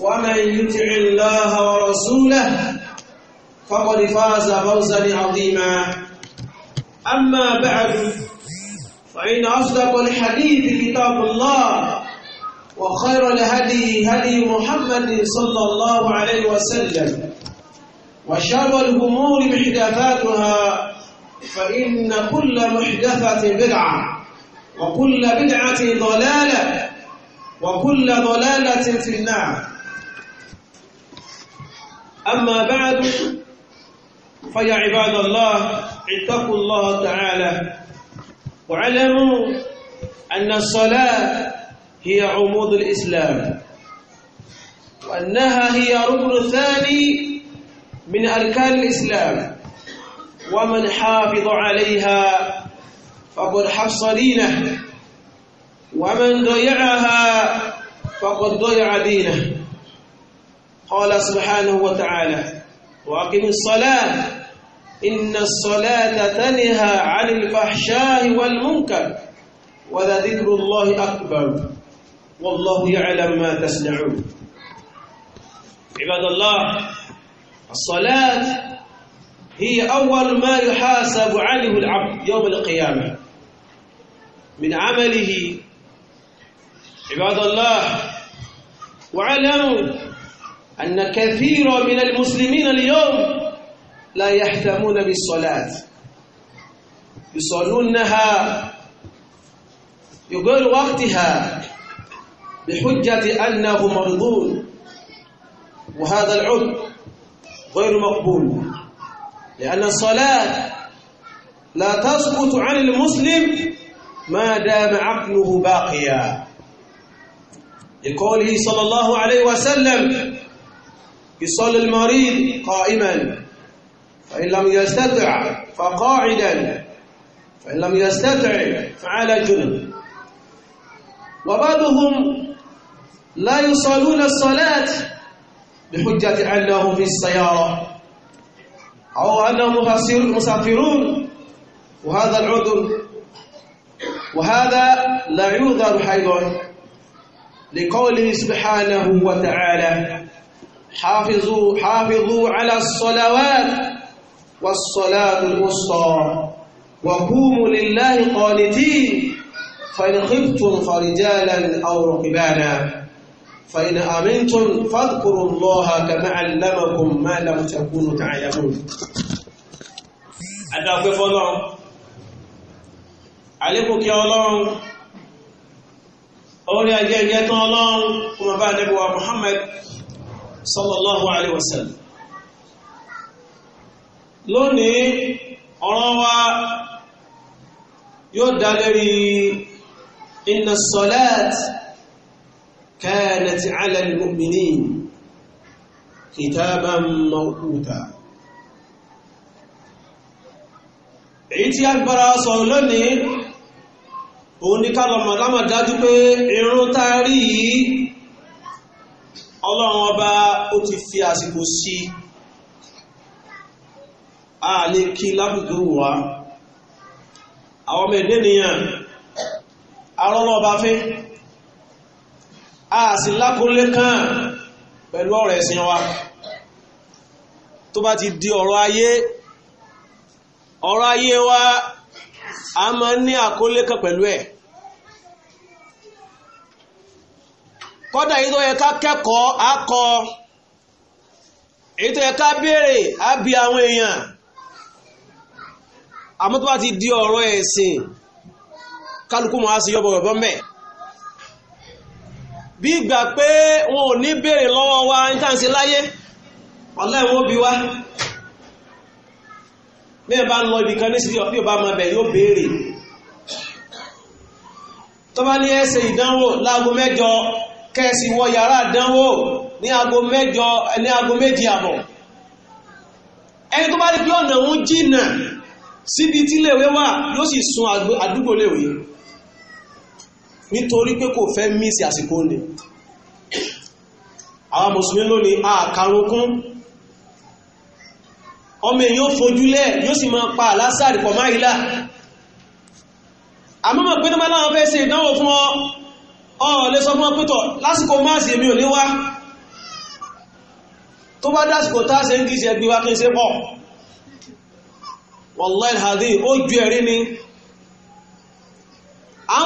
ومن يطع الله ورسوله فقد فاز فوزا عظيما أما بعد فإن أصدق الحديث كتاب الله وخير الهدي هدي محمد صلى الله عليه وسلم وشر الأمور محدثاتها فإن كل محدثة بدعة وكل بدعة ضلالة وكل ضلالة في النار أما بعد فيا عباد الله اتقوا الله تعالى واعلموا أن الصلاة هي عمود الإسلام وأنها هي ركن ثاني من أركان الإسلام ومن حافظ عليها فقد حفظ دينه ومن ضيعها فقد ضيع دينه قال سبحانه وتعالى واقم الصلاه ان الصلاه تنهى عن الفحشاء والمنكر ولذكر الله اكبر والله يعلم ما تصنعون عباد الله الصلاه هي أول ما يحاسب عليه العبد يوم القيامة من عمله عباد الله واعلموا أن كثير من المسلمين اليوم لا يهتمون بالصلاة يصلونها يقول وقتها بحجة أنه مرضون وهذا العب غير مقبول لأن الصلاة لا تسقط عن المسلم ما دام عقله باقيا لقوله صلى الله عليه وسلم يصلي المريض قائما فإن لم يستطع فقاعدا فإن لم يستطع فعلى جنب وبعضهم لا يصلون الصلاة بحجة أنهم في السيارة أو أنهم مسافرون وهذا العذر وهذا لا يعذر أيضا لقوله سبحانه وتعالى حافظوا حافظوا على الصلوات والصلاة الوسطى وقوموا لله قانتين فإن خفتم فرجالا أو ركبانا فإن آمنتم فاذكروا الله كما علمكم ما لم تكونوا تعلمون adáwọ̀pẹ́ fọ́lọ́run àlékòkè ọlọ́run orí ajẹ́gẹ́ tán ọlọ́run kó máa bá Ànábì wa Muhammad sallallahu alaihi wasallam lónìí ọ̀rọ̀ wa yóò dá lérí inna as-salat kanat ala al-mu'minin kitaban mawquta èyí tí agbára sọ lónìí òun ní ká lọ irun tá a ọlọ́run ọba ó ti fi àsìkò sí a lè kí lábùkù wá àwọn ọmọ èdè nìyàn arọ́lọ́ọba fẹ́ a sì lákòólé kan pẹ̀lú ọ̀rọ̀ ẹ̀sìn wa tó bá ti di ọ̀rọ̀ ayé ọ̀rọ̀ ayé wa a máa ń ní àkólé kan pẹ̀lú ẹ̀ kọ́dà èyí tó yẹ ká kẹ́kọ̀ọ́ á kọ́ èyí tó yẹ ká béèrè á bi àwọn èèyàn àmọ́ tó bá ti di ọ̀rọ̀ ẹ̀sìn kálukú mọ̀ á sí yọ́bọ̀ yọ̀bọ̀ mẹ́ bí ìgbà pé wọn ò ní béèrè lọ́wọ́ wa ní tàǹsí láyé ọ̀lẹ́ wọn bí wá mẹ́rin bá lọ kan ní ọba máa bẹ̀ yóò béèrè tó ní ẹsẹ̀ ìdánwò láago mẹ́jọ kẹ́ẹ̀sì wọ yàrá àdánwò ní aago mẹ́jọ ní aago méjì àbọ̀ ẹni tó bá rí pé ọ̀nà òun jìnnà síbi tí léwé wà yóò sì sun àdúgbò léwé nítorí pé kò fẹ́ mísì àsìkò ní àwọn mùsùlùmí lónìí àkàrùnkún ọmọ èyí fojúlẹ̀ yóò sì máa pa àlásàrì pọ̀ máìlá àmọ́mọ̀ pé tó máa láwọn fẹ́ ṣe ìdánwò fún ọ ọ̀ọ̀lẹ́ sọ fún pẹ́tọ̀ lásìkò máàsì èmi ò ní wá tó bá dásìkò táàsẹ̀ ń gíṣẹ́ gbíwá kí n ṣe pọ̀ wallahi alhadi ó ju a ń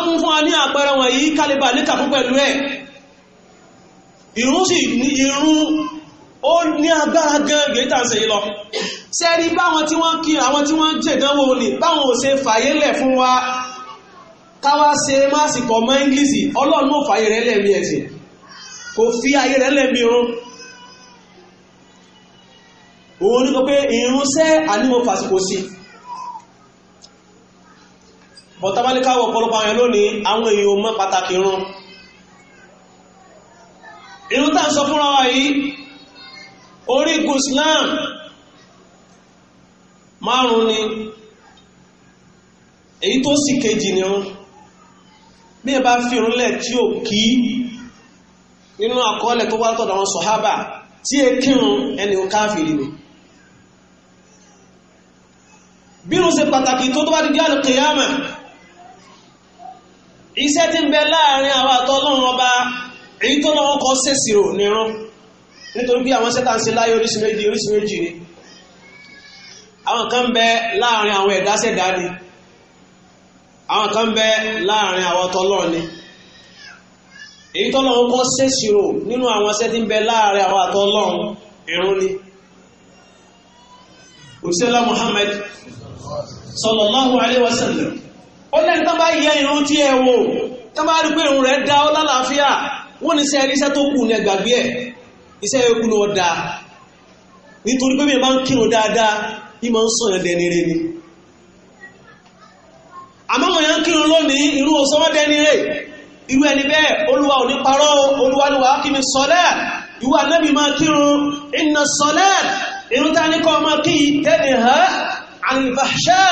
mú fún wa ní àpẹẹrẹ wọn yìí kálíbà níkàkú pẹ̀lú ẹ̀ ìrún sì ìrún ó ní agbára gan gẹ̀ẹ́ta ń ṣe yìí lọ sẹ́rí báwọn tí wọ́n kí àwọn tí wọ́n jẹ̀dánwò ni báwọn ò ṣe fàyélẹ̀ fún wa káwá ṣe máàsìkọ̀ mọ́ english ọlọ́run mọ̀ fàyè rẹ̀ lẹ́mí ẹ̀sìn kò fi ayé rẹ̀ lẹ́mí irun òun ní kọ pé irunṣẹ́ àníwò fàṣìkò sí bọ̀tàbálíkáwọ̀ ọ̀pọ̀lọpọ̀ àwọn lónìí àwọn èèyàn mọ́ pàtàkì irun irun tá à ń sọ fúnra wa yìí orígun Islam márùn-ún ni èyí tó sì kejì ni irun bí ẹ bá fi ìrúnlẹ̀ tí ó kí nínú àkọọ́lẹ̀ tó wá látọ̀dọ̀ àwọn sọ̀hábà tí ẹ kírun ẹni ò káàfìrí ni bí ṣe pàtàkì tó tó bá di àlùkìyàmà iṣẹ́ ń bẹ láàrin àwọn àtọ́lọ́run ọba èyí tó lọ́wọ́ kọ́ nítorí bí àwọn sẹ́tà ń ṣe láyé oríṣi méjì oríṣi méjì ni àwọn kan ń bẹ láàrin àwọn kan bẹ láàrin àwọn ni èyí tọ́lọ́run kọ́ ṣèṣirò nínú àwọn iṣẹ́ tí ń bẹ láàrin àwọn àtọ́lọ́run ni òṣèlá Muhammad sallallahu alaihi ó lẹ́ni tán bá yẹ ìrun tí ẹ wò tán bá rí pé ìrun rẹ dá ọ lálàáfíà wọ́n ní sẹ́ẹ̀rí iṣẹ́ tó kù ní ẹgbàgbé ni nítorí pé mi ń kírun dáadáa àmọ́wọ̀n yẹn ń kírun lónìí irú òsánwọ́dẹ́ ní rẹ̀ irú ẹni bẹ́ẹ̀ olúwa ò ní parọ́ olúwalúwa kí mi sọ́lẹ̀ ìwà náàbì máa kírun iná sọ́lẹ̀ irun ta ní kọ́ máa kí tẹ́lẹ̀ ha alìbáṣá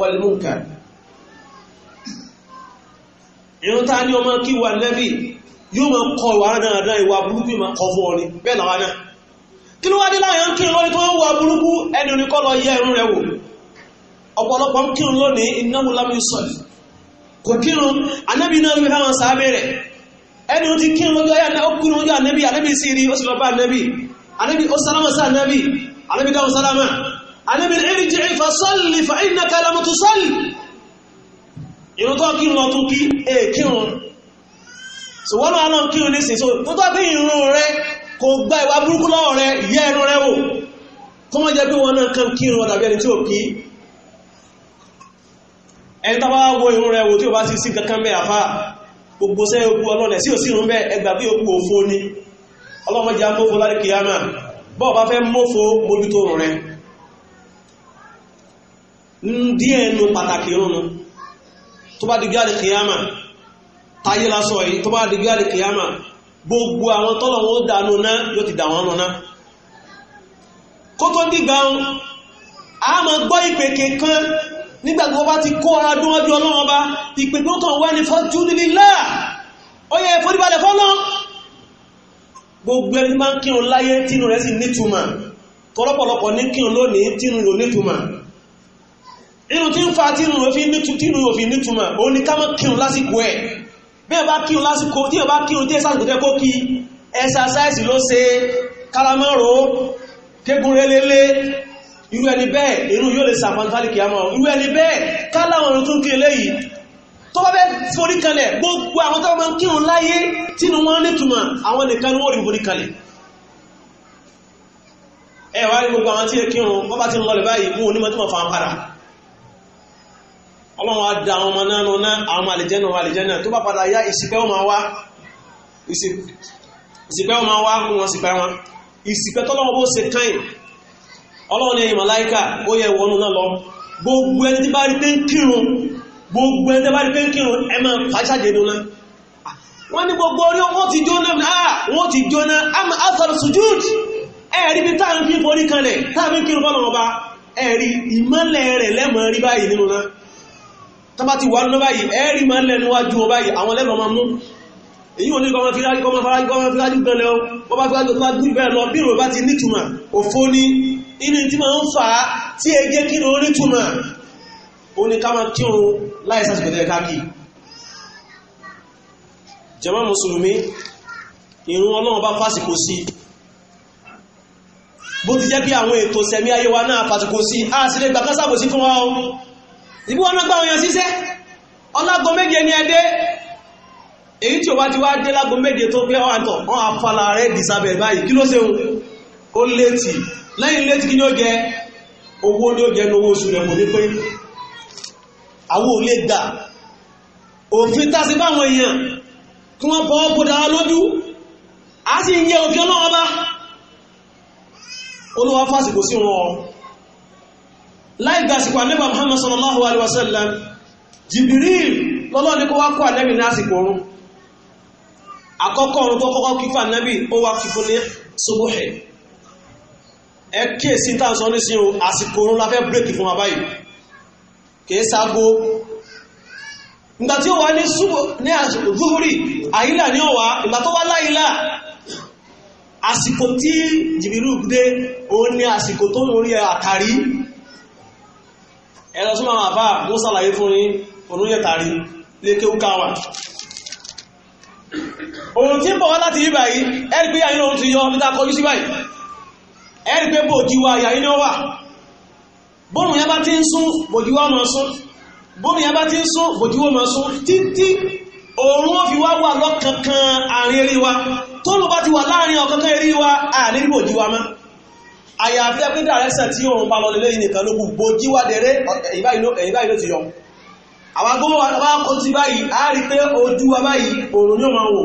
wàlúùkà irun ta ní ọmọ kí wà náàbì yóò máa kọ ìwà náà ìwà burúkú máa kọ fún ọ ní bẹ́ẹ̀ làwọn náà kí ló wá dé láwọn ń kírun lónìí tó ń wà burúkú ẹni oníkọ́ lọ yẹ irun rẹ̀ wò ọ̀pọ̀lọpọ̀ ń kírun lónìí innahu lam yusalli kò kírun anábì náà wí fáwọn sábẹ́ rẹ̀ ẹni ó ti kírun lọ́jọ́ yá ó kírun lọ́jọ́ anábì anábì sí rí ó sì lọ bá anábì anábì ó sálámà sí anábì anábì dáhùn sálámà anábì irji' fa salli fa innaka lam tusalli ìrún tó kírun lọ tún kí ẹ kírun ṣùgbọ́n náà náà kírun ní sìn tó tó kí ìrún rẹ kò gba ìwà burúkú lọ́wọ́ rẹ yẹ ẹnu rẹ wò kọ́mọ jẹ́ pé wọn náà kàn kírun ọ̀dàbí ẹni tí ò kí E tó bá wo irun rẹ̀ wò tí ó bá ti sí kankan bẹ́ àfá gbogbo sẹ́ ogun ọlọ́nà sí òsì bẹ́ ẹgbà bí òkú òfo ni ọlọ́mọdé amófo lárí kìyàmà bọ́ọ̀ bá fẹ́ mófo enu rẹ̀ díẹ̀ nu pàtàkì irun tó bá digbí àlè kìyàmà táyé lásọ yìí tó bá digbí gbogbo àwọn tọ́lọ̀ wọn ó dànù yóò ti dà dìgbà a nígbàtí wọ́n bá ti kó adún ọdún ọlọ́run ọba ìpèpè kan wá ní fọ́jú nílé láà ó yẹ ìforíbalẹ̀ fọ́lọ́ gbogbo ẹni máa ń kírun láyé tínú rẹ̀ sì nítumà tọ́lọ́pọ̀lọpọ̀ ní kírun lónìí tínú rò nítumà inú tí ń fa tínú rò fi nítumà ó ní ká má kírun lásìkò ẹ̀ bí ẹ bá kírun lásìkò tí ẹ bá kírun tí ẹ sásìkò tẹ́ kó kí ẹsàsáìsì ló ṣe kálámọ́rò irú ẹni bẹ́ẹ̀ irú yóò lè sàpàntálì kìámọ̀ irú ẹni bẹ́ẹ̀ káláwọn ọ̀rọ̀ tó ń kí eléyìí tó bá bẹ́ forí kalẹ̀ gbogbo àwọn tó bá ń kírun láyé tí ni wọ́n ní túmọ̀ àwọn nìkan ni wọ́n rí forí kalẹ̀ ẹ wá rí gbogbo àwọn tí ẹ kírun wọ́n bá ti ń lọlẹ̀ báyìí mú onímọ̀ tó mọ̀ fàn padà ọlọ́run á da àwọn ọmọ náà nù ná àwọn ọmọ àlìjẹ́ náà àlìjẹ́ náà tó bá padà yá ìsìpẹ́ wọn máa wá ìsìpẹ́ tọ́lọ́wọ́ bó ṣe káyìn ọlọ́run ni màláíkà ó yẹ wọnú náà lọ gbogbo ẹni tí bá rí pé ń kírun gbogbo ẹni tí bá rí pé ń kírun ẹ máa pàṣàjẹ dúnná wọ́n ní gbogbo orí wọ́n ti jóná náà ah, wọ́n ti jóná àmà asọ̀rọ̀ sujúd ẹ̀rí bí táà ń fi forí kanlẹ̀ táà fi ń kírun fọ́lọ̀ ọba ẹ̀rí ìmọ́lẹ̀ rẹ̀ lẹ́mọ̀ rí báyìí nínú náà tọ́bá ti wà nínú báyìí ẹ̀rí máa ń lẹ́nu wájú ọ báyìí àwọn lẹ́nu ọmọ mú èyí wọn ní kọmọ fílájú kọmọ fílájú gan lẹ́wọ́ bọ́bá fílájú tó bá dúró bẹ́ẹ̀ lọ bí ìròyìn bá ti nítumọ̀ òfó ní inú tí máa ń fà á tí ẹ jẹ́ kí ló rí túmọ̀ ó ní ká máa kírun láì sásìkò tẹ́lẹ̀ káàkì jàmá mùsùlùmí ìrun ọlọ́run bá fásìkò sí bó ti jẹ́ bí àwọn ètò sẹ̀mí ayé wa náà fásìkò sí á sì lè gbà kásàbò sí fún wa o ìbú wọn gbà èyí tí ò bá ti wá dé lágo méje tó pé ọ̀ àtọ̀ ọ̀ àfàlà rẹ̀ dìsàbẹ̀ báyìí kí ló ṣeun ó létí lẹ́yìn létí kí ní ó jẹ owó ní ó jẹ ní owó oṣù rẹ̀ kò ní pé àwọn ò lè gbà òfin tásí báwọn èèyàn kí wọ́n pọ̀ ọ́pọ̀dá lójú a sì ń yẹ òfin ọlọ́wọ́ bá olúwa fásitì sí wọn láì gbàsìkò ànábì Muhammad sallallahu alaihi wasallam lọ́lọ́ ní kó wá kó ní àsìkò tó kọ́kọ́ ó wá kí fún ní subuhi ẹ kíyèsí tá à sọ ní sí o àsìkò oorun la fẹ́ bírèkì fún wa báyìí kìí ságo ìgbà tí ó wà ní súbọ̀ ní àsìkò àyílà ní ọ̀wà ìgbà tó láyílà àsìkò tí jìbìrú dé òun ni àsìkò tó ń rí àtàrí ẹ̀rọ súnmọ́ àbá mú sàlàyé fún yín òun yẹ tàrí lékè ó káwà òun tí ń bọ̀ wá ti yọ níta kọjú ẹ̀rí pé bòdíwá ìyà iná wà bóòrùn yẹn bá ti ń sún bòdíwá máa sún bóòrùn yẹn bá ti ń sún bòdíwá máa sún títí òórùn ó fi wá wà lọ́kankan àárín eré wa tó ló bá ti wà láàrin ọ̀kankan eré wa àárín bòdíwá mọ́ àyàfi ẹgbẹ́ dàrẹ́sẹ̀ tí òun pa lọlẹ̀ lẹ́yìn nìkan ló kù bòdíwá dẹ̀rẹ́ ẹ̀yìn báyìí ló ti yọ àwọn agbóhùn wa kó ti báyìí á rí pé ojú wa báyìí òórùn yóò máa wò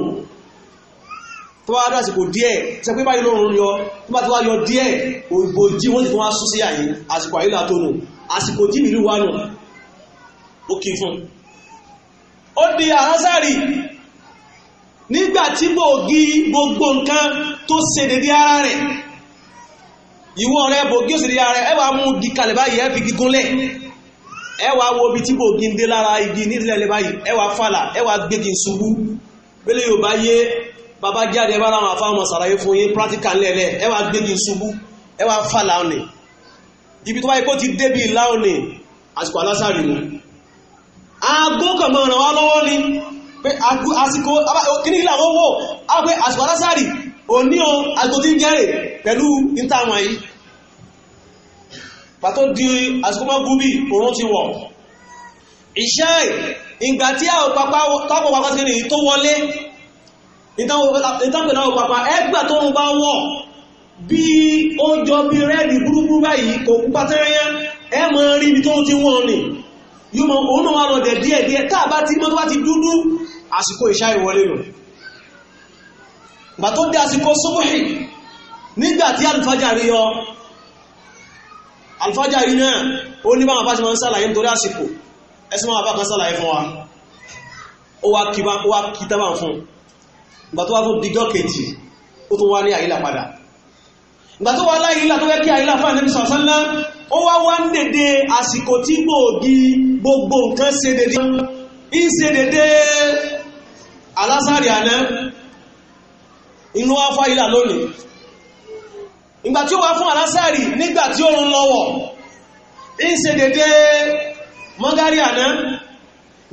tó bá dá àsìkò díẹ̀ ṣe pé báyìí lóòrùn yọ tó bá ti wá yọ díẹ̀ òyìnbó jí wọ́n sì tún wá sún sí àyè àsìkò àyè látò nù àsìkò jí ìlú wa nù ó kì í fún ó di àhánsárì nígbà tí gbòógì gbogbo nǹkan tó ṣe dédé ara rẹ̀ ìwọ rẹ bòógì ó ṣe dédé ara rẹ̀ ẹ wàá mú di kalẹ̀ báyìí ẹ fi gígúnlẹ̀ ẹ wàá wo ibi tí gbòógì ń dé lára igi nílẹ̀ báyìí ẹ wàá fàlà ẹ wàá gbégi ṣubú bẹ́lẹ̀ yóò bá yé bàbá jáde bá láwọn afáwọn sàlàyé fún yín practical lẹ́lẹ́ ẹ wá gbégi ṣubú ẹ wá fà láwọnì ibi tó wáyé kó ti débi láwọnì àsìkò alásàrì mu aago kan máa ràn wá lọ́wọ́ ni pé àsìkò kíní kí làwọn wò á pé àsìkò alásàrì òní o àsìkò tí ń jẹ́rè pẹ̀lú ìtàwọn yìí pàtó di àsìkò máa gúbì òun ti wọ̀ iṣẹ́ ìgbà tí àwọn pápá tó wọlé ìtàkùnà òpapà ẹgbà tó ń bá wọ̀ bí ó jọ bí rẹ́ẹ̀dì gbúrúgbúrú báyìí kò pupa tẹ́rẹ́yẹ́ ẹ mọ rí ibi tó ti wọ́n ni yóò mọ òun náà rọ̀ dẹ̀ díẹ̀ díẹ̀ tá a bá ti mọ́ tó bá ti dúdú àsìkò ìṣá ìwọlé nù gbà tó dé àsìkò sóbòhì nígbà tí alùfájà rí yọ alùfájà rí náà ó ní báwọn afáṣe máa ń sàlàyé nítorí àsìkò ẹsẹ̀ máa wa ó ìgbà tó wá tó dijọ́ kejì ó tó wá ní àyílà padà ìgbà tó wá láyílà tó yẹ kí àyílà fún ànẹ́bí sọ̀sánlá ó wá wá ń dèdè àsìkò tí gbòògì gbogbo nǹkan ṣe dèdè ń ṣe dèdè alásàrì àná inú wá fún àyílà lónìí ìgbà wá fún alásàrì nígbà ó ń lọ́wọ́ ń ṣe dèdè mọ́gárì àná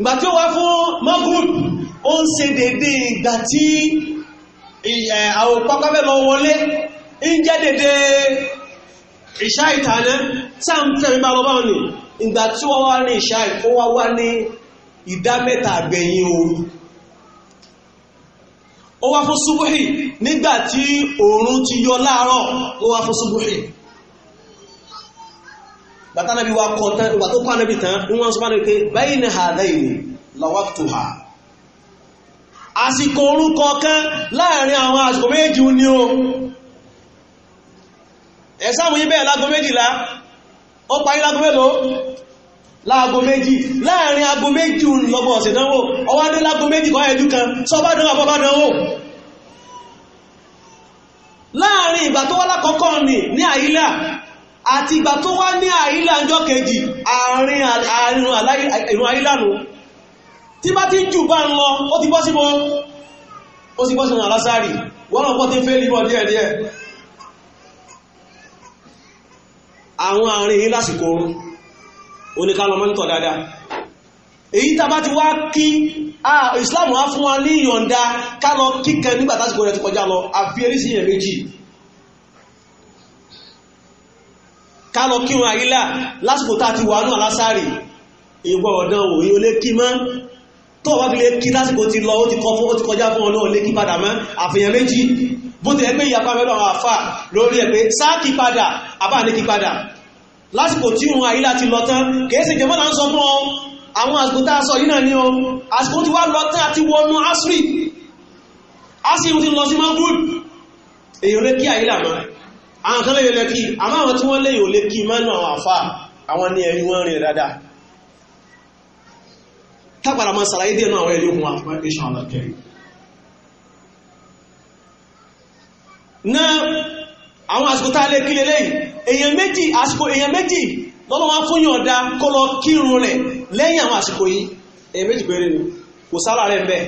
ìgbà wá fún mọ́gùrù ó ń ṣe dédé ìgbà tí àwọn pápá bẹ́ẹ̀ wọlé ń jẹ́ dédé ìṣá ìtànà tá ń fẹ́ mi bá lọ báwọn ni ìgbà tí wọ́n wá ní ìṣá ìkó wá wá ní ìdá mẹ́ta àgbẹ̀yìn òru ó wá fún nígbà tí òòrùn ti yọ láàárọ̀ ó wá fún bàtà nàbí wa kọ tán ìgbà tó kọ́ ànábì tán ń wọ́n sọ fún ànábì pé báyìí ni lọ́wọ́ tó hà. àsìkò orun kọ̀ọ̀kan láàrin àwọn àsìkò méjì ní o ẹ̀sàmù yí bẹ́ẹ̀ lágo méjìlá ó parí lágo mélòó láago méjì láàrin ago méjì lọ́gbọ̀n ọ̀sẹ̀ dánwò ọwá dé lágo méjì kọ́ ẹ̀dú kan sọ́bádán àbọ́bádánwò láàrin ìgbà tó wá lákọ́kọ́ ní ní àyílà àti ìgbà tó wá ní àyílà ọjọ́ kejì àárín àyílà nù tí bá ti jù bá ń lọ ó ti bọ́ sí mọ́ ó sì bọ́ sí àlásárì wọ́n náà pọ́ tí ń fẹ́ lílọ díẹ̀díẹ̀ àwọn àárín yìí lásìkò oorun oníkálọ mọ́nítọ̀ dáadáa èyí tàbá ti wá kí Islam wá fún wa ní ìyọ̀nda kálọ kíkẹ nígbà tásìkò rẹ̀ ti kọjá lọ àfi erísí yẹn méjì kálọ kírun àyílà lásìkò tá a ti wà nù àlásárì ìgbọ̀ ọ̀dán òye olé kí mọ́ tó wá fi lè kí lásìkò ti lọ ó ti kọjá fún ọlọ́run lè kí padà mọ́ àfihàn méjì bó ti ẹgbẹ́ ìyapa mẹ́lọ àwọn àfà lórí ẹ̀ pé sáàkì padà àbá ní kí padà lásìkò tí òun àyílá ti lọ tán kèése jẹmọ́ là ń sọ fún ọ àwọn àsìkò tá a sọ yìí náà ni ọ àsìkò ti wá lọ tán àti wọnú asri asri ti lọ sí mangrove èèyàn lè kí àyílá mọ́ àwọn kan lè lè kí àmọ́ àwọn tí wọ́n lè yòó lè kí mẹ́nu àwọn àfà àwọn ni ẹ̀rí wọn rìn dáadáa tápàdà máa sàlàyé díẹ̀ náà àwọn ẹ̀rí ogun àfipá ìṣàn alákẹ́rì náà àwọn àsìkò tá a lè kílé lẹ́yìn èèyàn méjì àsìkò èèyàn méjì lọ́lọ́wọ́ fúnyàn ọ̀dá kó lọ kírun rẹ̀ lẹ́yìn àwọn àsìkò yìí èèyàn méjì péré ni kò sára rẹ̀ bẹ́ẹ̀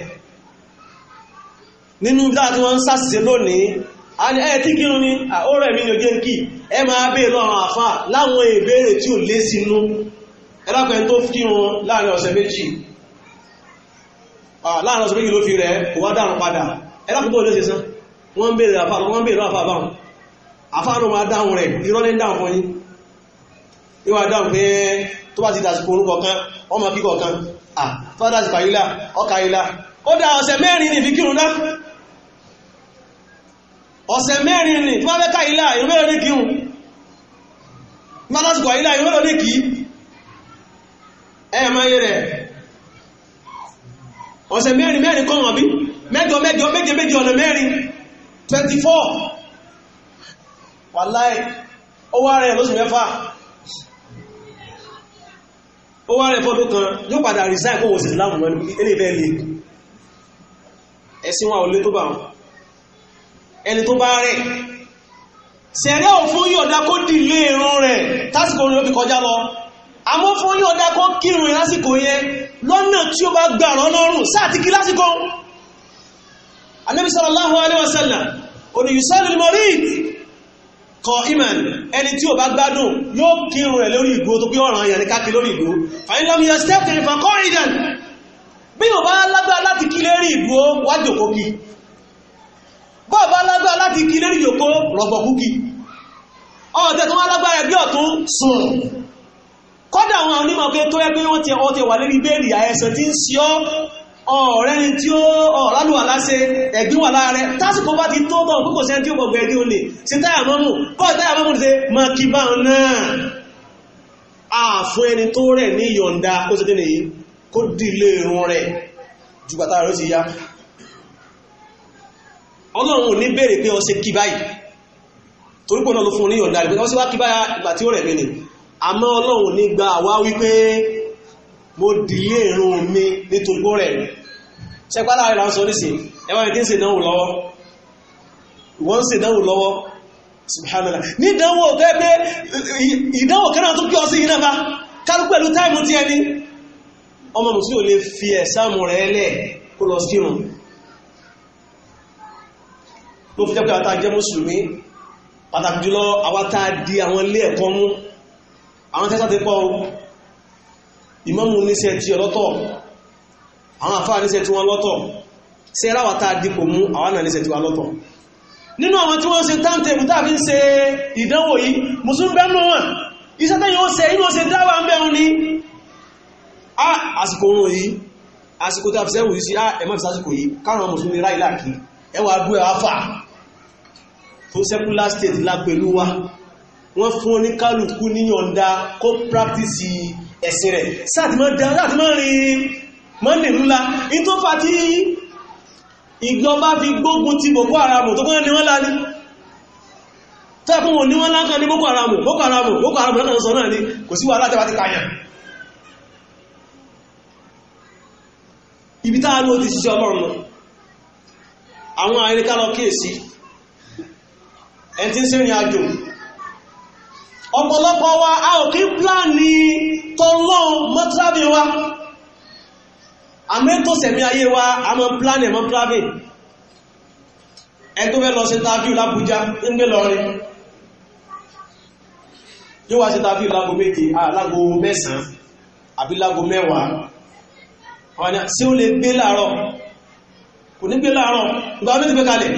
nínú dáa tí wọ́n ń sàṣìṣe lónìí ẹ tí kírun ni ó rẹ̀ mí ní ń kì ẹ máa bèèrè lọ́rùn àfáà láwọn ìbéèrè tí ò lé sínú ẹ lápẹ́ tó kírun láàrin ọ̀sẹ̀ méjì Ah, láàrín ọ̀sán méjì ló fi rẹ̀ kò wá dáhùn padà ẹlákùnbó ló ṣe sán wọ́n ń bèèrè àfà wọ́n ń bèèrè àfà báhùn àfà ló máa dáhùn rẹ̀ irọ́ ní dáhùn fún yín yíwá dáhùn pé tó bá ti dàsìkò orúkọ kan ọmọ kíkọ kan à fádà sí pàyílà ọkà ilá kódà ọ̀sẹ̀ mẹ́rin ní ìfikírun dá ọ̀sẹ̀ mẹ́rin ní tó bá fẹ́ ká ilá ìrúmẹ́lò ní kíhun fádà sí pàyílà ìrúmẹ́lò ní kí ẹ̀ẹ̀mọ́ yẹ rẹ̀ ọ̀sẹ̀ mẹ́rin mẹ́rin kọ́ wọn bí mẹ́jọ mẹ́jọ méje méje ọ̀nà mẹ́rin 24 wàláì owó ara ẹ̀ lóṣù mẹ́fà owó ara ẹ̀ fọ́dún kan yóò padà resign kó wò sí islam lọ nílé ìfẹ́ lè ẹ̀sìn wa ò lé tó bá wọn ẹni tó bá rẹ̀ sẹ̀rẹ́ ò fún yọ̀dá kó dìlé irun rẹ̀ tásìkò orin ó fi kọjá lọ àmọ́ fún yọ̀dá kó kírun lásìkò yẹn lọ́nà tí ó bá gbà rọ́lọ́rùn sáàtì kí lásìkò Ànábì sallallahu alaihi wasallam oní yusalli marid qa'iman ẹni tí ó bá gbádùn yóò kírun rẹ̀ lórí ìgbó tó pé ọ̀ràn ayà ní káàkiri lórí ìgbó fàyín lam yastati' fa qa'idan bí ò bá lágbá láti kí lérí kọ́dà àwọn onímọ̀ pé tó yẹ pé wọ́n ti ọ̀tẹ̀ wà lórí bẹ́ẹ̀lì àẹsẹ̀ tí ń sí ọ́ ọ̀rẹ́ ni tí ó ọ̀lálùwà láṣẹ ẹ̀gbín wà láàrẹ tásìkò bá ti tó bọ̀ púpọ̀ sẹ́ntí ò gbọ̀gbẹ̀ ní olè sí táyà mọ́mù kọ́ táyà mọ́mù ṣe mọ́ kí bá ń náà àfún ẹni tó rẹ̀ ní yọ̀ǹda ó ṣe dínà ti ṣe kí báyìí náà àmọ́ ọlọ́run ní gba àwa wípé mo dìlé ìrun mi nítorí gbọ́ rẹ̀ ni ṣẹpálá rẹ̀ la ń sọ nísìn ẹwà ìdí ń ṣèdánwò lọ́wọ́ ìwọ́n ń ṣèdánwò lọ́wọ́ subhanallah ní ìdánwò tó ẹgbẹ́ ìdánwò kan náà tó kí ọ sí iná bá kálú pẹ̀lú táìmù tí ẹni ọmọ mùsùlùmí lè fi ẹ̀sàmù rẹ̀ lẹ̀ kó lọ sí ìrun ló fi jẹ́ pé àtàjẹ́ mùsùlùmí pàtàkì jùlọ àwátá di àwọn ilé ẹ̀kọ́ mú àwọn tẹ́sà ti pọ̀ ìmámù níṣẹ́ tí ọlọ́tọ̀ àwọn àfáà níṣẹ́ tí wọ́n lọ́tọ̀ sí ẹláwà tá a dìpò mú àwọn náà níṣẹ́ tí wọ́n lọ́tọ̀ nínú àwọn tí wọ́n ṣe táǹtẹ̀bù tàbí ń ṣe ìdánwò yìí mùsùlùmí bẹ́ẹ̀ mọ́ wọn iṣẹ́ tẹ́yìn ó ṣe inú ó ṣe dáwà ń bẹ̀rún ní àsìkò oòrùn yìí àsìkò tí a fi sẹ́wù yìí sí ẹ̀mọ́ ìsásìkò yìí káwọn mùsùlùmí ráìláàkì ẹwà abúẹ̀ afà tó secular state lápẹ̀lú wa wọ́n fún oníkálukú níyọ̀ǹda kó practice ẹ̀sìn rẹ̀ sáàtì máa dá láti máa rin mọ́ndé ńlá in tó fà tí ìjọba fi gbógun ti Boko Haram tó gbọ́n ní wọ́n lá ní tẹ́kùn ní wọ́n lákan ní Boko Haram Boko Haram Boko Haram lọ́nà sọ náà ni kò sí wàhálà tẹ́bà ti kàyàn ibi táà ló ti ṣiṣẹ́ ọlọ́run lọ àwọn àyíká lọ kíyèsí ẹni tí ń sẹ́rìn àjò ọ̀pọ̀lọpọ̀ wa a ò kí pláàni tọ́lọ́n mọ́tírábì wa àmì tó sẹ̀mí ayé wa a mọ́ pláàni mọ́ pláàbì ẹgbẹ́ fẹ́ lọ sí tàbí lábújá ń gbé lọrin yóò wá sí tàbí lágo méje lágo mẹ́sàn àbí lágo mẹ́wàá ọ̀nà sí ó lè gbé láàárọ̀ kò ní gbé láàárọ̀ ìgbà mẹ́tí gbé kalẹ̀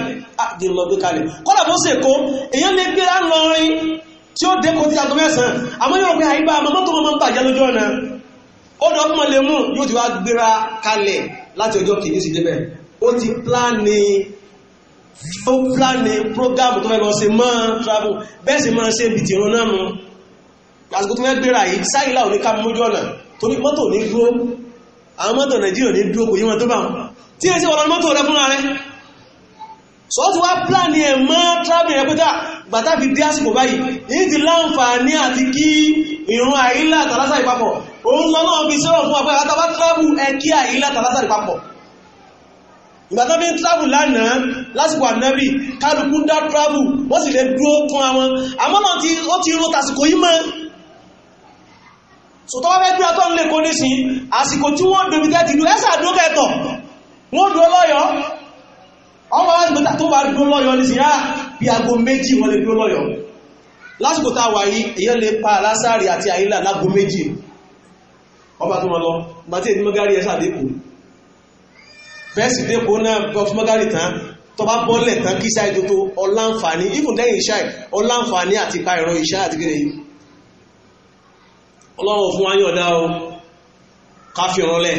á dì lọ gbé kalẹ̀ kọ́lá bó sì èyàn lè gbé láàárín tí ó dé kò tí aago mẹ́sàn àmọ́ yóò pé àyíbá àmọ́ tó mọ́ bàjẹ́ lójú ọ̀nà ó dọ̀ fún ọlẹ́mú yóò ti wá gbéra kalẹ̀ láti ọjọ́ kìíní sí débẹ̀ ó ti pláni ó pláni prógámù tó fẹ́ lọ ṣe mọ́ travel bẹ́ẹ̀ sì máa ṣe bìtì ìrún náà mu àsìkò tó fẹ́ gbéra yìí sáyìlá ò ní ká mójú ọ̀nà torí mọ́tò ní wá pláni ẹ̀ mọ́ travel rẹ pé gbàtà fi dí àsìkò báyìí ní ti láǹfààní àti kí ìrún àìlà tàlásàrì papọ̀ òun lọ náà fi sọ́rọ̀ fún àpẹẹrẹ àtàbá tíráàbù ẹkí àìlà tàlásàrì papọ̀ ìgbàtà fi ń tíráàbù lánàá lásìkò ànábì kálukú dá tíráàbù wọ́n sì lè dúró kún àwọn àmọ́ náà ó ti rún tàsìkò yìí mọ́ sọ̀tọ́ wọ́n fẹ́ gbé ọtọ́ nílé kó nísìn àsìkò tí wọ́n dobi tẹ́tì dúró ẹ́sà dúró kẹ́tọ̀ wọ́n dúró lọ́yọ̀ọ́ ọmọ wá gbẹ́ta tó bá dúró lọ́yọ́ ní síra bí aago méjì wọ́n lè dúró lọ́yọ́ lásìkò tá a wà yìí èyàn lè pa alásáàrí àti àyílà lágo méjì ọba tó mọ lọ bá tí èdè mọ́gárì ẹ̀ sàdékù fẹ́ẹ̀sì dépò náà bọ́f mọ́gárì tán tó bá bọ́lẹ̀ tán kí sáà ètò ọláǹfààní ìfún lẹ́yìn iṣẹ́ ọláǹfààní àti pa ẹ̀rọ iṣẹ́ àti kéde yìí ọlọ́run fún wáyé ọ̀dá o ká fi ọ̀rọ̀ lẹ̀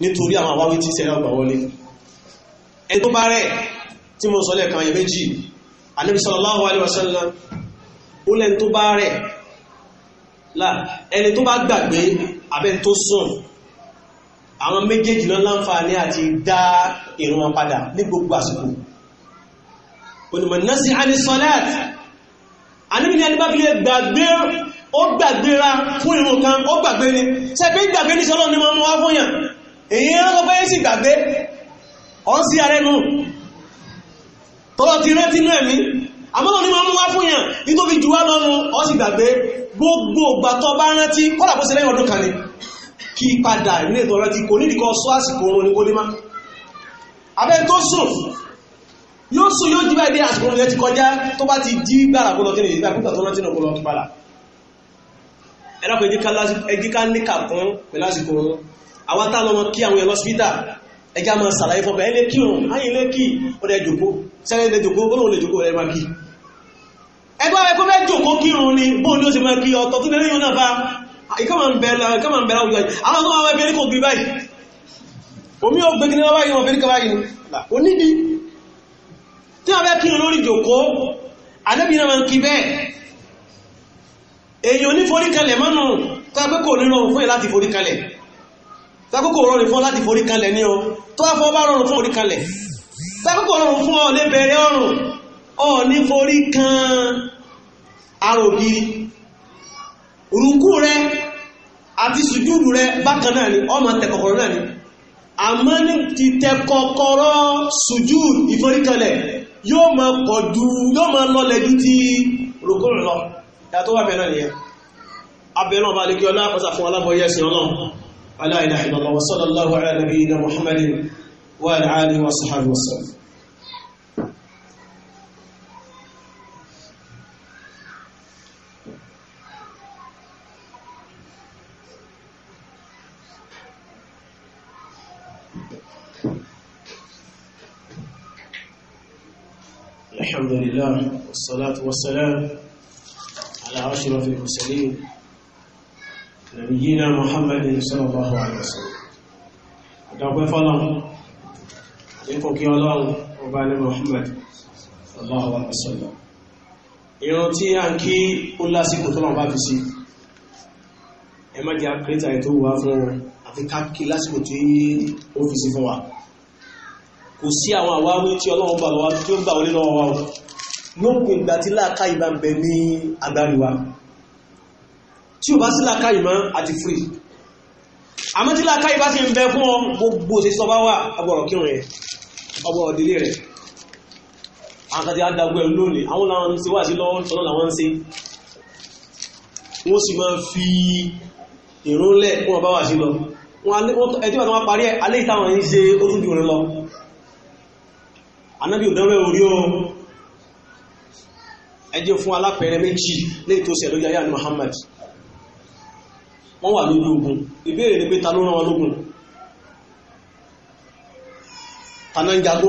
nítorí àwọn àwáwí tí ìṣẹ̀lẹ̀ ọgbà wọlé ẹni tó bá rẹ̀ tí mo sọ lẹ́ẹ̀kan yẹ méjì Ànábì sallallahu alaihi wasallam ó lẹ́ni tó bá rẹ̀ là ẹni tó bá gbàgbé abẹ́ni tó sùn àwọn méjèèjì náà láǹfààní àti dá ìrun wọn padà ní gbogbo àsìkò onímọ̀ nasi àni sọ́lẹ́t anímìnì ẹni bá fi lè gbàgbé ó gbàgbéra fún ìrun kan ó gbàgbé ni ṣẹ́bí gbàgbé ní sọ́lọ́ ni wọ́n mú wá fún yàn èyí ń rọ́pẹ́ sí gbàgbé ọ̀n sí ààrẹ nù tọ́lọ́ ti rántí náà ní àmọ́nà ní ma mú wá fún yàn ní tó fi jù wá lọ́nu ọ́ sì gbàgbé gbogbo ìgbà tó bá rántí kọ́lá bó ṣe lẹ́yìn ọdún kan ni kí padà ilé ìtọ́ rántí kò nídìí kan sọ àsìkò oorun ní kólé má abẹ́ tó sùn yóò ti kọjá tó bá ti jí gbàrà kó lọ kí ni ìgbà kúta tó rántí náà kó lọ kí padà ẹ̀rọ pé ẹjíká ní kàkún pẹ̀lú àsìkò oorun àwọn táwọn ọmọ kí àwọn ẹ̀lọ́sípítà ẹjá máa sàlàyé fọ́bẹ̀ ẹ lè kí òun ayé lè kí ọdẹ jòkó sẹ́rẹ́ lè jòkó olóhùn lè jòkó ẹ máa kí ẹgbẹ́ ẹkọ́ fẹ́ jòkó kí òun ni bóun ni ó sì máa kí ọ̀tọ̀ tó lẹ́yìn náà bá ìkọ́mà ń bẹ̀rẹ̀ ọjọ́ àwọn tó máa wẹ́ bẹ̀rẹ̀ kò gbé báyìí omi ò gbégin lọ́wọ́ yìí wọn bẹ̀rẹ̀ kọ́ báyìí onídi tí wọ́n fẹ́ kí òun lórí jòkó àdébí láti forí kalẹ̀ ní o tó bá fọwọ́ bá rọrùn fún orí kanlẹ̀ tákùkù ọrùn fún ọ lè bẹ̀rẹ̀ ọrùn ọ ní forí kan arògiri rùkú rẹ àti sùjúdù rẹ bákan náà ni ọmọ tẹ kọ́kọ́rọ́ náà ni àmọ́ ní ti tẹ kọ́kọ́rọ́ sùjúdù ìforíkanlẹ̀ yóò máa pọ̀ ju yóò máa lọlẹ̀ ju ti rùkú rẹ lọ yàtọ̀ wà bẹ́ẹ̀ náà nìyẹn abẹ́ náà bá lè kí ọlá لا إله إلا الله وصلى الله على نبينا محمد وعلى آله وصحبه وسلم الحمد لله والصلاة والسلام على أشرف المرسلين nìyína Muhammadin sallallahu alaihi wasallam àdàpẹ́ fọ́lọ́run nípò kí ọlọ́run ọba ní Muhammad sallallahu alaihi wasallam ìran tí a ń kí ó lásìkò tọ́lọ̀ bá fi sí ẹ má jẹ́ àkíríta ètò wà fún wọn àti káàkiri lásìkò tí ó fi sí fún wa kò sí àwọn àwáwí tí ọlọ́run bá lọ́wọ́ tí ó gbà wọlé lọ́wọ́ wa lópin ìgbà tí láàká ìbá ń bẹ ní agbáríwá tí ò bá sí láká ìmọ̀ àti free àmọ́ tí láká ìbá sì ń bẹ fún ọ gbogbo ṣe sọ bá wà agbọ̀rọ̀ kírun yẹn ọgbọ̀rọ̀ délé rẹ̀ àwọn kan ti á dagbọ́ ẹ̀rù lónìí àwọn làwọn ń ṣe wà sí lọ́wọ́ tọ́nà làwọn ń ṣe wọ́n sì máa fi ìrún lẹ̀ fún ọba wà sí lọ ẹtí wà tó wá parí ẹ̀ alẹ́ ìtàwọn ń ṣe ó tún jù rẹ̀ lọ anábì òdánwẹ́ orí o ẹjẹ́ fún alápẹ̀rẹ̀ méjì lẹ́yìn tó ṣẹ̀ lójú ayé àni wọ́n wà lójú ogun ìbéèrè ni pé ta ló rán wọn lógun ń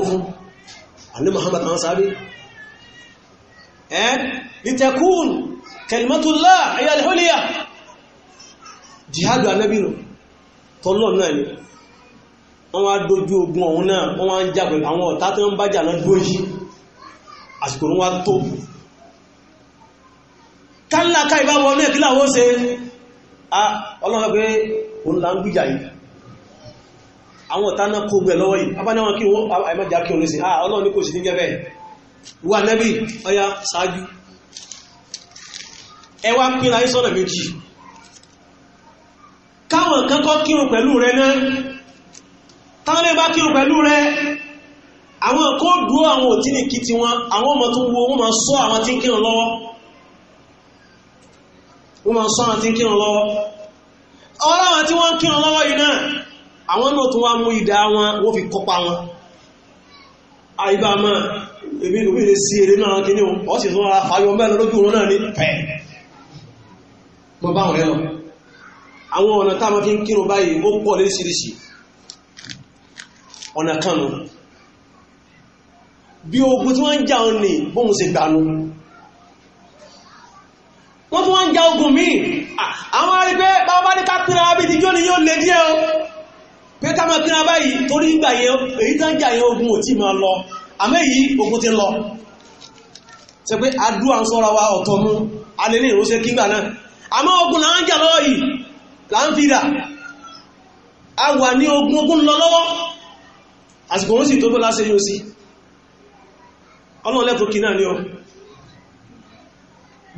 fún àní Muhammad àwọn sáré ẹ́ jihadu anábìnà tọ́lọ̀ náà ni wọ́n wá ogun ọ̀hún náà wọ́n wá ń jagbẹ̀ àwọn ọ̀tá tí wọ́n bá náà yìí àsìkò wọn wá tó Ah, ọlọ́run pé òun là ń gbìjà yìí àwọn ọ̀tánà kó gbẹ̀ lọ́wọ́ yìí kí wọ́n kí sí ah, ọlọ́run ní kò sí ní jẹ́ bẹ́ẹ̀ wà nẹ́bí ọya ṣáájú ẹ wá pín sọ́nà méjì káwọn kankọ́ kírun pẹ̀lú rẹ náà táwọn bá kírun pẹ̀lú rẹ àwọn kó dúró àwọn òtí tiwọn àwọn ọmọ tó wo wọn máa sọ wọ́n máa sọ́nà tí ń kírun lọ́wọ́ ọ̀rọ̀ àwọn tí wọ́n ń kírun lọ́wọ́ yìí náà àwọn náà tún wá mú ìdá wọn wọ́n fi kọ́pa wọn àìbá máa èmi ìlú lè sí eré náà kí ní ọ̀ sì tún ara fàyọ mẹ́rin lójú òun náà ní pẹ̀ mọ bá wọn lọ àwọn ọ̀nà táwọn fi ń kírun báyìí ó pọ̀ lóríṣiríṣi ọ̀nà kanu bí ogun tí wọ́n ń jà ọ́ ní bóun ṣe wọ́n tún wá ń ja ogun míì àwọn pé bàbá ní kápínà àbí ti ni yóò lè díẹ̀ o pé ká máa pínà báyìí torí ìgbà yẹn èyí tán jà yẹn ogun ò tí máa lọ àmọ́ èyí ogun ti lọ ṣe pé àdúrà ń sọ́ra wa ọ̀tọ̀ mú alẹ́ ní ogun ń jà lọ́wọ́ yìí là ń fi a wà ní ogun ogun lọ lọ́wọ́ àsìkò sì tó yóò sí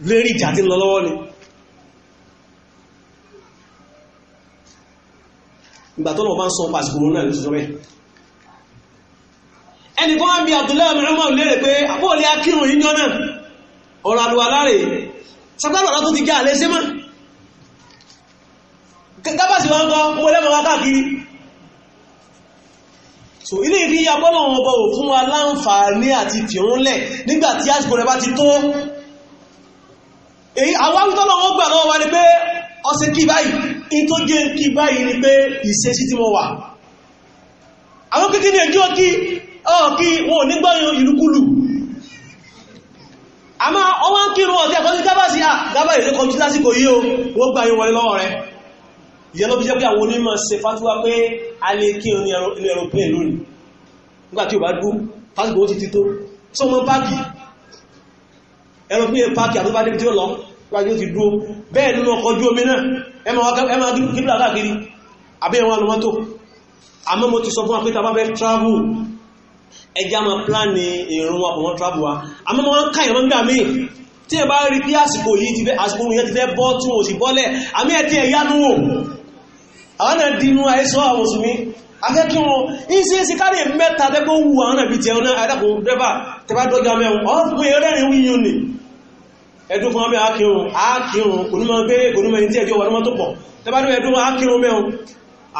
lérí ìjà tí ń lọ lọ́wọ́ ni ìgbà tó lọ́wọ́ bá ń sọ pàṣípòrò náà lóṣìṣọ́ rẹ̀ ẹni kọ́ wá bí Abdullahi mìíràn máa lérè pé àbúrò ní akírun yíyan náà ọ̀rọ̀ àdúrà láre sàgbàgbà látó ti gẹ́ àlẹ́ sí mọ́ gábàsì wọn kọ́ mo lẹ́mọ̀ wá káàkiri so ilé ìdíyà bọ́lọ̀ wọn bọ̀ fún wa láǹfààní àti fìrúnlẹ̀ nígbà tí rẹ̀ bá ti tó èyí àwáwítọ́lọ̀ wọ́n gbà lọ́wọ́ wa ni pé ọsẹ kí báyìí in tó jẹ́ kí báyìí ni pé ìṣesí tí mo wà àwọn kìtì ní ẹjọ́ kí ọ̀kí wọn ò ní gbọ́yìn ìlúkulù àmọ́ ọwọ́ ń kírun ọ̀tẹ́ ẹ̀kọ́ sí gábàsí à gábà ìlú kọjú lásìkò yìí o wọ́n gbà yín a lè kírun ní aeroplane lónìí nígbà tí ò bá ẹ̀rọ fún iye páàkì àbúgbà débi tí ó lọ wájú ti dúró bẹ́ẹ̀ nínú ọkọ̀ ojú omi náà ẹ máa kíbla káàkiri àbí ẹ̀wọ̀n alùmọ́tò àmọ́ mo ti sọ fún wa pé tá a bá fẹ́ travel ẹja máa plan ìrún wa pọ̀mọ́ travel wa àmọ́ mo ń ká ìrún gbà míì tí ẹ bá rí bí àsìkò yìí ti fẹ́ àsìkò yẹn ti fẹ́ bọ́ tún òsì bọ́lẹ̀ àmì ẹ̀ tí ẹ yá nú wò àwọn náà dínú àìsàn àwọn mùsùlùmí akẹ́kí wọn ní sí kárí mẹ́ta tẹ́gbọ́n wù àwọn àbí tẹ́ ọ náà dẹ́bà tẹ́bà dọ́jà mẹ́wọ̀n ọ́ fún eré ìwúyún ni ẹdún fún ọmọ akírun akírun onímọ̀ pé onímọ̀ ní tí ẹjọ́ wọ́n tó pọ̀ tẹbánú ẹdún akírun mẹ́un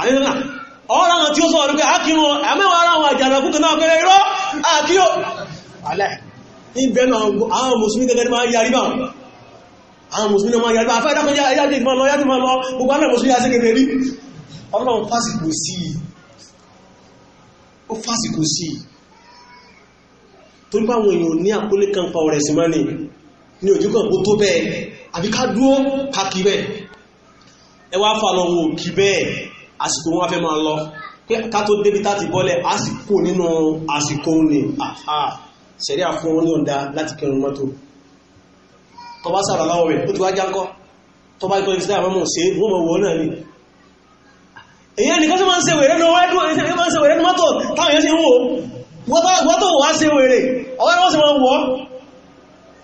àníkà ọ̀rọ̀ àwọn tí ó sọ ọ̀rọ̀ pé akírun àmẹ́wàá ara àwọn àjàrà kúkú náà pẹ̀lẹ̀ irọ́ akírun alẹ́ ìbẹ̀nà àwọn mùsùlùmí gẹ́gẹ́ máa yarí bá àwọn mùsùlùmí máa yarí bá afẹ́ ìdákọjá ayájẹ́ ìdìmọ̀ lọ yájú máa lọ gbogbo àwọn mùsùlùmí yá sékèrè rí ọlọ́run fásitì sí èèyàn ní àkólé kan pa ọ̀rẹ̀ sí nìyàn ní ojú kan kó tó bẹ́ẹ̀ àbí ká dúró ká kí bẹ́ẹ̀ ẹ wá fà lọ́wọ́ kí bẹ́ẹ̀ àsìkò wọn fẹ́ máa lọ ká tó débi tá ti bọ́lẹ̀ àsìkò nínú àsìkò ní ṣẹ̀rí àfún wọn ní ọ̀dá láti kẹrin mọ́tò tó bá sára láwọ̀ rẹ̀ ó ti wá jákọ́ tó bá ìtọ́jú sílẹ̀ àmọ́mọ́ sí wọ́n mọ̀ wọ́n náà ni èyàn nìkan tó máa ń ṣe wèrè ní wájú ẹ̀yẹ́ máa ń ṣe wèrè ní mọ́tò táwọn èèyàn sì ń wò wọ́tò wá ṣe wèrè ọwọ́ ni wọ́n sì máa ń wọ́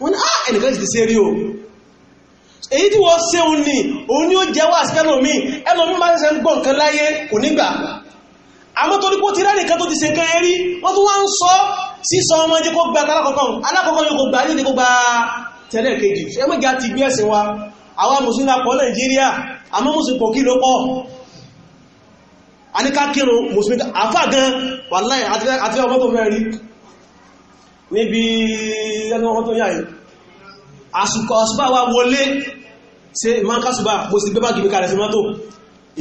wọ́n ní ah ẹnìkan ti ṣe rí o èyí tí wọ́n ṣe òun ni òun ni ó jẹ́ wà sí ẹlòmí ẹlòmí máa ṣẹṣẹ ń gbọ́ nǹkan láyé kò nígbà àmọ́ torí pé ó ti rẹ́ nìkan tó ti ṣe nǹkan rí wọ́n tún wá ń sọ sísọ ọmọ jẹ́ kó gba alákọ̀ọ́kọ́ alákọ̀ọ́kọ́ yóò kó gba ní ìdíkó gba tẹ́lẹ̀ kejì àwọn mùsùlùmí lápọ̀ Nàìjíríà àmọ́ mùsùlùmí kò kí ló pọ̀ àníká kírun mùsùlùmí àfà gan wà láì àti ọmọ tó fẹ́ níbi ẹgbẹ́wọ́n tó yáyìn àsìkò àsùbá wa wọlé ṣe máa kásùbá mo sì gbébá gìmí kàrẹ̀ sí mọ́tò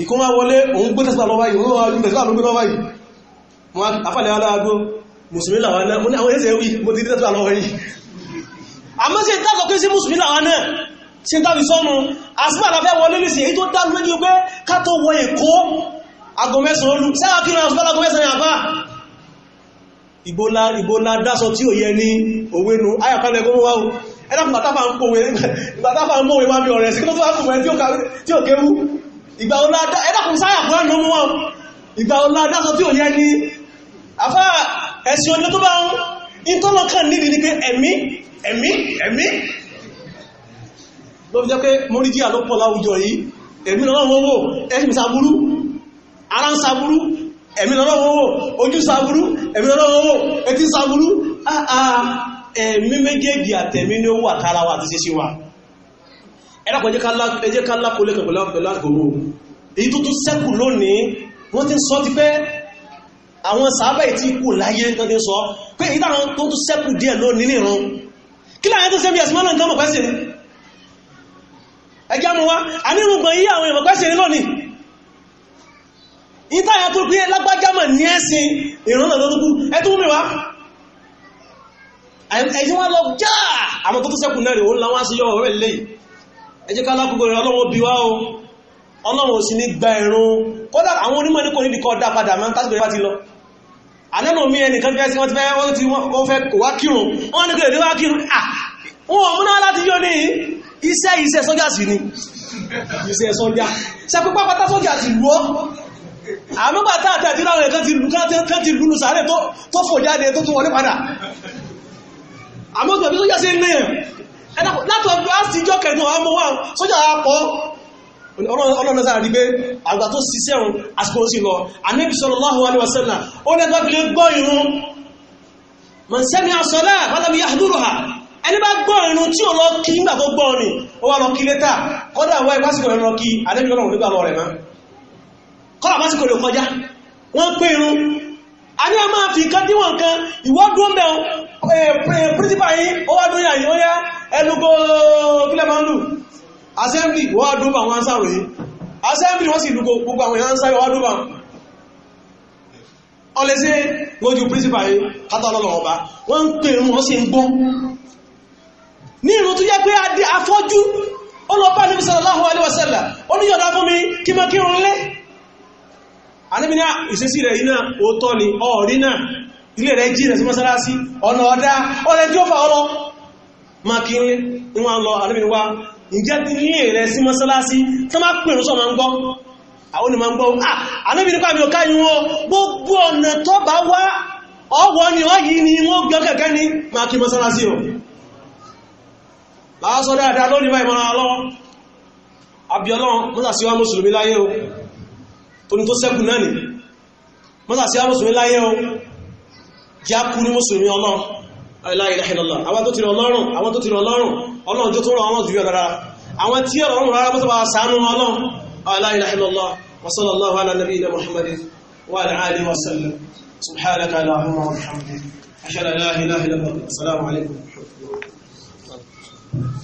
ìkún wá wọlé òun gbé tẹ́sùbá lọ báyìí òun wọ́n tẹ́sùbá lọ gbé lọ báyìí wọ́n afẹ́lẹ̀ aláàgbó mùsùlùmí làwọn náà mo ní àwọn ẹ̀sẹ̀ wí mo ti tẹ́sùbá lọ rí àmọ́ sí ìtàkọ̀ kí sí mùsùlùmí làwọn náà ṣe dábì sọ́nu àsìkò àlàfẹ́ wọlé lè ṣe èyí tó dá lójú pé ká tó wọ èkó ago mẹ́sàn-án olú sẹ́wà kí ìbólá dásọ tí ò yẹ ní òwe nù ayàkálẹ̀ kó wá o ẹ̀dàkùn bàtàfà ń pòwe bàtàfà ń mòwe máa bí ọ̀rẹ́ sí kí tó tó wá fún ẹ tí ó kéwú ìgbà ọlá ẹ̀dàkùn sáyà kúrò ní ọmọ wọn ìgbà ọlá dásọ tí ò yẹ ní afá ẹ̀sìn ọjọ́ tó bá ń ìtọ́lọ́kàn nídìí ni pé ẹ̀mí ẹ̀mí ẹ̀mí ló fi jẹ́ pé mórídíà ló pọ̀ láwùjọ yìí ẹ̀mí lọ́lọ́wọ́wọ́ ojú sàbúrú ẹ̀mí lọ́lọ́wọ́wọ́ etí sàbúrú ah, ah, ẹ̀mí méjèèjì àtẹ̀mí ní owó àtàrà wa àti ṣeṣe wa ẹ̀dàpọ̀ ẹjẹ́ ká lákòólé pẹ̀lú àgbòrò èyí tó tún sẹ́kù lónìí wọ́n ti sọ ti pé àwọn sàábà ìtí kù láyé tó ti sọ pé èyí táwọn tó tún sẹ́kù díẹ̀ lónìí nìran kí láyé tó sẹ́bi ẹ̀sìn mọ́lá nǹkan mọ̀ pẹ́sìn ẹjẹ́ mú wa àní ìrùngbọ̀n yí àwọn ìmọ̀ pẹ́sìn lónìí ìtàyà tó pín lágbàjámà ní ẹ̀sìn ìrànlẹ̀ lórúkú ẹtún mi wá ẹ̀yìn wá lọ já àwọn tó tó sẹ́kù náà rẹ̀ òun láwọn á sí yọ ọ̀rẹ́ lè ẹjẹ́ ká lákòókò rẹ̀ ọlọ́wọ́ bí wá o ọlọ́wọ́ sí ní gba ẹ̀rùn kódà àwọn onímọ̀ ní kò ní kọ́ dá padà máa ń tásìkò bá ti lọ ànánà mi ẹnìkan fẹ́ sí wọ́n ti fẹ́ wọ́n ti wọ́n fẹ́ kò wá kírun wọ́n ní kò lè wá kírun à wọn ò múná láti yọ ní iṣẹ́ iṣẹ́ sọ́jà sí ni iṣẹ́ sọ́jà ṣe pípa pátá sọ́jà sí lọ́ àmúgbà táàtà tí láwọn ẹ̀kan ti lúnu sàárẹ̀ tó fò jáde tó tún wọlé padà àmúgbà bí sójá sí ní ẹ̀ látọ̀gbọ́ àtijọ́ kẹ̀tọ̀ àmọ́ wà sójá àpọ̀ ọlọ́nà sáà rí pé àgbà tó ṣiṣẹ́ òun àsìkò sí lọ Ànábì sallallahu alaihi wasallam ó lẹ́gbà fi lè gbọ́ ìrun man sami'a as-salata falam yahduruha ẹni bá gbọ́ ìrun tí ó lọ kí nígbà tó gbọ́ ni ó wá lọ kí létà kọ́dà wá ìpásìkò ìrun lọ kí Ànábì ọlọ́run nígbà lọ rẹ̀ máa kọ́lá bá sì kò lè kọjá wọ́n pé irun a ní a máa fi nǹkan díwọ̀n nǹkan ìwọ́dún mẹ́ pírísípà yìí ó wá dúnyà yìí ó yá ẹnugbó kílẹ̀ máa ń lù assembly wọ́n wá dúnbà wọn sáré assembly wọ́n sì lù gbogbo àwọn èèyàn sáré wọ́n dúnbà wọ́n lè ṣe lójú pírísípà yìí kátà ọlọ́lọ́ ọba wọ́n ń pè irun wọ́n sì ń gbọ́ ní irun tó yẹ pé afọ́jú ó Ànábì ní ah, ìṣesí rẹ̀ iná òótọ́ ni ọ̀rí náà ilé rẹ̀ jìnà sí mọ́sálásí ọ̀nà ọ̀dá ọ̀rẹ́ tí ó fà ọlọ́ ma kí ní wọ́n lọ Ànábì wá ìjẹ́ ilé rẹ̀ sí tó má ma ń gbọ́ ni ma ń gbọ́ ah, Ànábì ní pàmì ọ̀ká yìí gbogbo ọ̀nà tó bá wá ọwọ́ ni yìí o oní tó sẹ́kù náà ni mọ́sà sí mùsùlùmí láyé o jẹ́ kú ní mùsùlùmí ọlọ́run la ilaha illallah àwọn tó ti rọ ọlọ́run àwọn tó ti rọ ọlọ́run ọlọ́run tó tún rọ ọlọ́run jùlọ rárá àwọn tí ọlọ́run rárá mọ́sà bá sàánú ọlọ́run la ilaha illallah wa sallallahu ala nabiyyina muhammadin wa ala alihi wa sallam subhanaka allahumma wa bihamdika